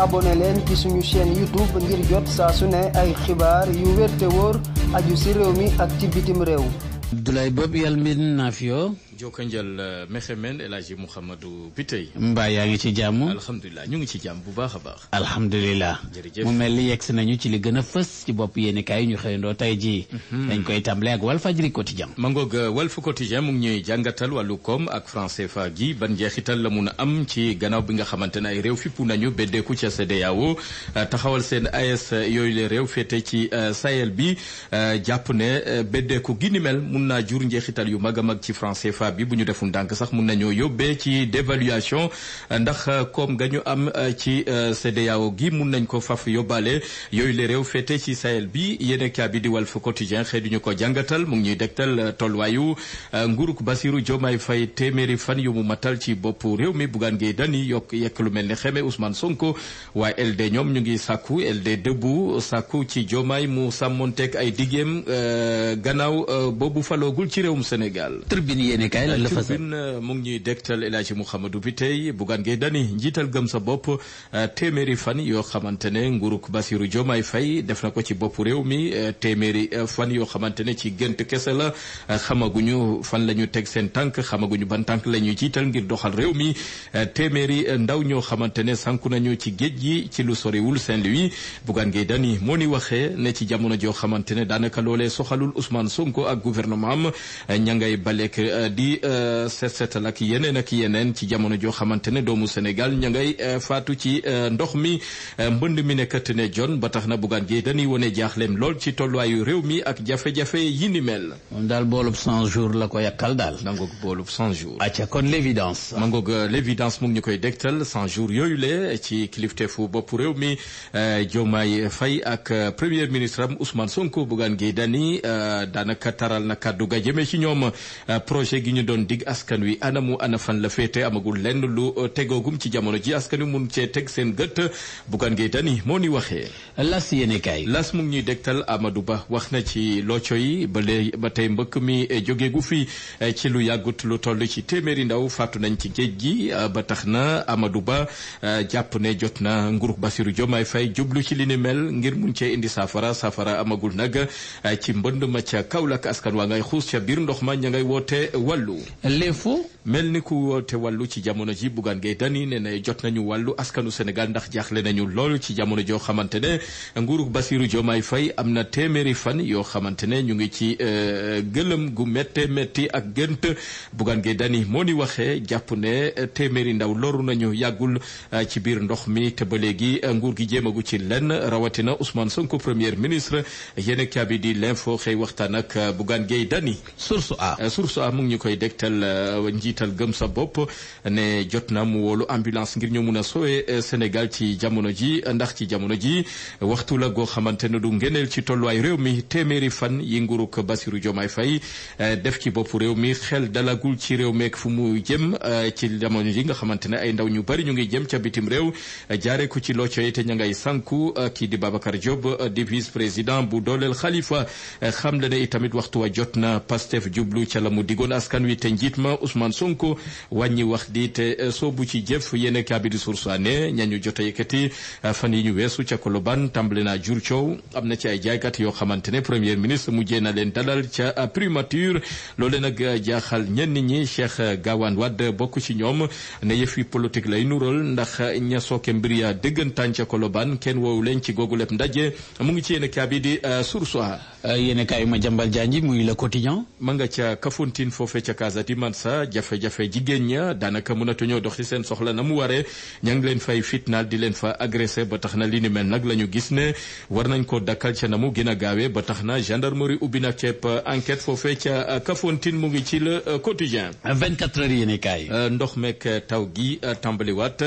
abonné leen ci suñu chaîne YouTube ngir jot saa su ne ay xibaar yu wér te wóor aju ci réew mi ak ci bitim réew. Abdoulaye Bob Yal Médina Jokalante euh, Mekhemen El Hadj Mouhamadou Biteye. mbaa yaa ngi ci jàmm. bu baax a baax. alhamdulilah. jërëjëf mu mel ni yegsi nañu ci li gën a fës ci bopp yéen kaay ñu xëyandoo tey jii. Mhm. dañ koy tàmbalee ak Walf Fadjri quotidien. ma ngoog euh, Walf quotidien mu ñuy jàngatal wàllu koom ak franc CFA gi ban njeexital la mun a am ci gannaaw bi nga xamante ne ay réew fippu nañu beddeeku ca CEDEAO euh, taxawal seen AES yooyu la réew féete ci Sahel bi jàpp ne beddeeku gi ni mel mun naa jur njeexital yu a état bi bu ñu deful ndànk sax mun nañoo yóbbee ci dévaluation ndax koom nga ñu am euh, ci euh, CEDEAO gi mun nañ ko faf yóbbaale yooyu le réew féete ci Sahel bi yéene kaa bi di Walf Quotidien xëy duñu ko jàngatal mu ngi ñuy dektal euh, tolluwaayu nguuruk Basiru Jomaay Fay téeméeri fan yu mu matal ci boppu réew mi Bougane Gueye Dany yokk yekk lu mel ni xeme Ousmane Sonko waaye LD ñoom ñu ngi sàkku LD dëbbu sàkku ci Jomaay mu sàmmoon sàmmonteeg ay digeem gannaaw boobu faloogul ci réewum Sénégal kaay la la fësal euh, mu ngi ñuy dégtal El Hadji Mouhamadou bi tey Bougane Gueye Dany njiital gëm sa bopp euh, téeméeri fan yoo xamante ne basiru Bassirou Diomaye Faye def na ko ci bopp réew mi euh, téeméeri fan yoo xamante ne ci gént kese la xamaguñu fan la teg seen tànk xamaguñu ban tànk la ñu jiital ngir doxal réew mi téeméeri ndaw ñoo xamante ne sànku nañu ci géej gi ci lu soriwul Saint-Louis Bougane Gueye Dany moo ni ne ci jamono joo xamante ne daanaka loolee soxalul Ousmane Sonko ak gouvernement am ña balek di euh, seet seetal ak yeneen ak yeneen ci jamono joo xamante ne doomu Sénégal ña ngay euh, faatu ci euh, ndox mi mbënd mi ne kat ne jon ba tax na bugaan gi dañuy wone jaaxleem lool ci tolluwaayu réew mi ak jafe-jafe yi ni mel. moom daal boolub 100 jours la ko yàqal daal. nangoog boolub 100 jours. acca kon l'évidence. nangoog l'évidence mu ngi ñu koy dégtal 100 jours yooyu le ci kilifteefu bopp réew mi Diomaye fay ak premier ministre am Ousmane Sonko bugaan gi dañuy gi ñu doon dig askan wi anamu ana fan la féete amagul lenn lu euh, tegoogum ci jamono ji askan wi mun cee teg seen gët Bougane Gueye Dany moo ni waxee. las yéene kaay las mu ngi ñuy dégtal Amadou Ba wax na ci looco yi ba ba tey mbëkk mi euh, jóge gu fi euh, ci lu yàggut lu toll ci téeméeri ndaw faatu nañ ci géej gi ba tax na amadu Ba jàpp ne jot na nguurug basiru Diomaye Faye jublu ci li ni mel ngir mun cee indi saafara saafara amagul nag ci mbënd ma ca Kaolack askan waa ngay xuus wàllu l'info mel ni ku woote wàllu ci jamono ji Bougane Gueye Dany ne na jot nañu wàllu askanu Sénégal ndax jaaxle nañu lool ci jamono joo xamante ne nguuru Bassirou Diomaye Faye am na téeméeri fan yoo xamante ne ñu ngi ci euh, gëlëm gu métte métti ak gënt Bougane Gueye Dany moo ni waxee jàpp ne euh, téeméeri ndaw loru nañu yàggul euh, ci biir ndox mi te ba léegi nguur gi jéemagu ci lenn rawatina Ousmane Sonko premier ministre yéen a kaabi di l'info xëy waxtaan ak Bougane Gueye Dany koy dégtal euh, njiital gëm sa bopp ne jot na mu woolu ambulance ngir ñu mun a sowe euh, Sénégal ci jamono ji ndax ci jamono ji waxtu la goo xamante ne du ngeneel ci tolluwaay réew mi téeméeri fan yi nguurug Bassirou Diomaye fay euh, def ci bopp réew mi xel dalagul ci réew meek fu mu jëm ci jamono ji nga xamante ne ay ndaw ñu bari ñu ngi jëm ca bitim réew jaaree ko ci locco yi te ña ngay di Babacar Diop di vice président bu dooleel Khalifa xam le ne itamit waxtu wa jot na jublu ca askan wi te njiit ma Ousmane Sonko wàññi wax di te eh, soobu ci jëf yéen kaa bi di sursaane ñañu jot a yëkkati eh, fan yi ñu weesu ca Colobane tàmbale naa jur coow am na ci ay jaaykat yoo xamante ne premier ministre mujjee na leen dalal ca eh, primature loole nag jaaxal ñenn ñi Cheikh Gawane Wade bokk ci ñoom ne yëfi politique lay nural ndax ña sooke mbir ya dëggantaan ca Colobane kenn woowu leen ci googu ndaje mu ngi ci yéen kaa bi di sursaane. yéen kaa yi le quotidien. ma nga ca Kafountine ca Casamanca jafe-jafe jigéen ña daanaka mënatuñoo dox ci seen soxla na mu waree ña ngi leen fay fitnaal di leen fa agressé ba tax na li ni mel nag la ñu gis ne war nañ ko dakkal ca na mu gën a gaawee ba tax na gendarmerie ubbi nag ceeb euh, enquête foofee ca euh, Kafountine mu ngi ci le euh, quotidien 24 heures yéen kaay ndox meek taw gi tàmbaliwaat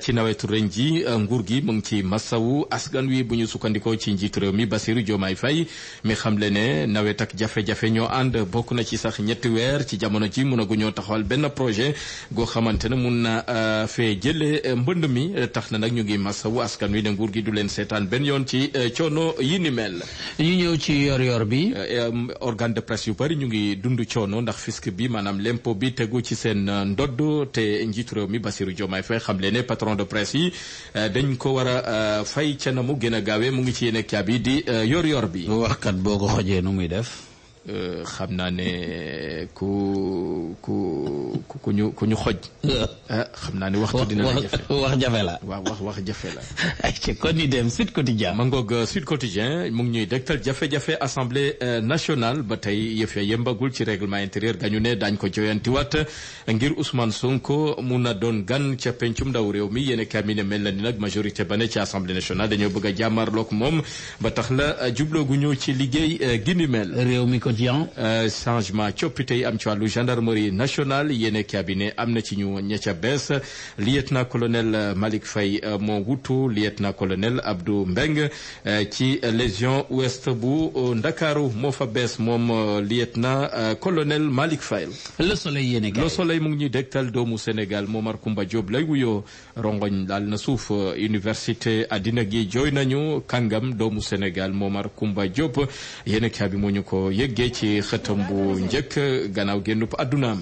ci nawetu ren ji nguur gi mu ngi ci masawu askan wi bu ñu sukkandikoo ci njiitu réew mi Bassirou Diomaye Faye mi xamle ne nawet ak jafe-jafe ñoo ànd bokk jamono ji mun a ñoo taxawal benn projet goo xamante ne mun na euh, fee jëlee euh, mbënd mi tax na nag ñu ngi wu askan wi ne nguur gi du leen seetaan benn yoon ci euh, coono yi ni mel. ñu ñëw ci yor-yor bi. organe de presse yu bari ñu ngi dund coono ndax fisc bi maanaam lempo bi tegu ci seen ndodd te njiitu réew mi Bassirou Diomaye Faye xam ne patron de presse yi dañ ko war a fay ca na mu gën a gaawee mu ngi ci yéen ak caabi di yor-yor bi. waxkat boo ko xojee nu muy def. Euh, xam naa ne ku ku ku ñu ku ñu xoj. ah xam naa ne waxtu dina la jafe wax jafe la. waaw wax wax jafe la. ay ci kon ñu dem Sud Quotidien. ma ngoog euh, Sud Quotidien mu ngi ñuy dégtal jafe-jafe assemblée euh, nationale ba tey yëf ya yëmbagul ci règlement intérieur ga ñu ne daañ ko joyantiwaat ngir Ousmane Sonko mun na doon gan ca pencum ndaw réew mi yéen a cabinet mel na ni nag majorité ba ne ci assemblée nationale dañoo bëgg a jàmmarloog moom ba tax la jubloo ci liggéey gi mel. réew mi ko Vian. Euh, changement coppite yi am ci wàllu gendarmerie nationale yéene cabinet am na ci ñu ña ca bees lieutenant colonel Malick Faye euh, moo wutu lieutenant colonel Abdou Mbeng euh, ci légion ouest bu Ndakaaru moo fa bees moom lieutenant colonel Malick Faye. Le Soleil yéene Le Soleil mu ngi ñuy doomu Sénégal Momar Kumba Diop lay wuyoo rongoñ daal na suuf université addina gi jooy nañu kàngam doomu Sénégal Momar Kumba Diop yéene cabinet moo ko yëg liggéey ci xëtam bu njëkk gannaaw génn àddunaam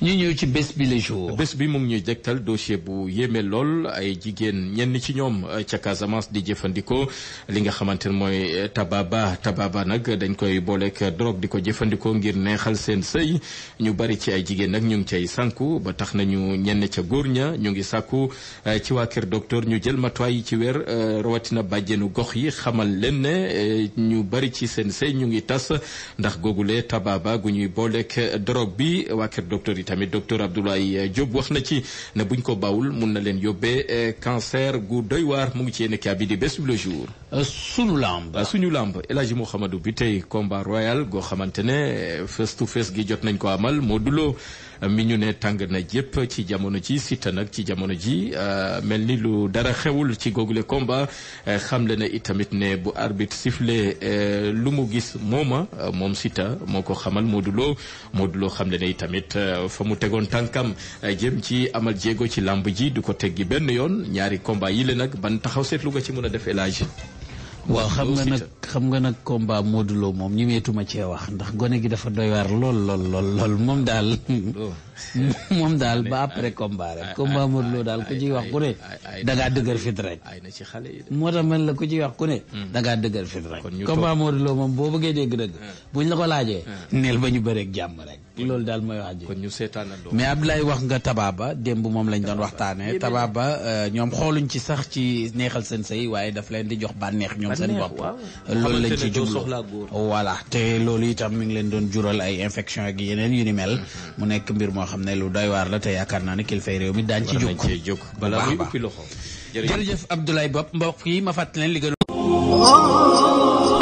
ñu ñëw ci bés bi le jour. bés bi mu ngi ñuy dégtal dossier bu yéeme lool ay jigéen ñenn ci ñoom euh, ca Casamance di jëfandikoo li nga xamante ne mooy euh, tababa tababa nag dañ koy booleek drogue di ko jëfandikoo ngir neexal seen sëy ñu bari ci ay jigéen nag ñu ngi cay sànku ba tax nañu ñenn ca góor ña ñu ngi sàkku euh, ci waa kër docteur ñu jël matuwaay yi ci weer rawatina bàjjenu gox yi xamal leen ne ñu bari ci seen sëy ñu ngi tas ndax googule tababa gu ñuy booleeg drogue bi waa kër yi tamit docteur Abdoulaye eh, Diop wax na ci ne buñ ko bawul mun na leen yóbbee eh, cancer gu doy waar mu ngi ci yéen bi di bés bu le jour. Euh, suñu lamb. Ah, suñu lamb El Hadj Mouhamadou bi tey combat royal goo xamante ne eh, face to face gi jot nañ ko amal Modou Lo mi ñu ne tàng na jëpp ci jamono ji Siteu nag ci jamono ji euh, mel ni lu dara xewul ci google googule combat euh, xamle na itamit ne bu arbitre sifflé euh, lu mu gis mooma moom Siteu moo ko xamal Modou Lo xam Lo xamle na itamit fa mu tegoon tànkam jëm ci amal jéego ci lamb ji du ko teggi benn yoon ñaari combat yile nag ban taxaw seetlu nga ci mën a def élage waaw xam nga nag xam nga nag combat Modou moom ñi meetuma cee wax ndax gone gi dafa doy waar lool lool lool lool moom daal oh. moom daal ba après combat rek combat Modou Lo daal ku ciy wax ku ne dangaa dëgër fit rek moo tax man la ku ciy wax ku ne hmm. dangaa dëgër fit rek combat Modou Lo moom boo bëggee dégg dëgg hmm. buñ la ko laajee hmm. neel ba ñu bëreeg jàmm rek loolu daal mooy wax ji kon ñu seetaanandoo mais Abdoulaye wax nga tabaaba démb moom lañ doon waxtaanee tabaaba euh, ñoom xooluñ ci sax ci neexal seen sëy waaye daf leen di jox bànneex ñoom seen bopp loolu lañ ci jublu voilà te loolu itam mi ngi leen doon jural ay infection gi yeneen yu ni mel mm-hmm. mu nekk mbir moo xam ne lu doy waar la te yaakaar naa ne kilifay réew mi daan ci jóg balaa muy uppi loxo jërëjëf Abdoulaye Bopp mbokk yi ma fàttali leen li gën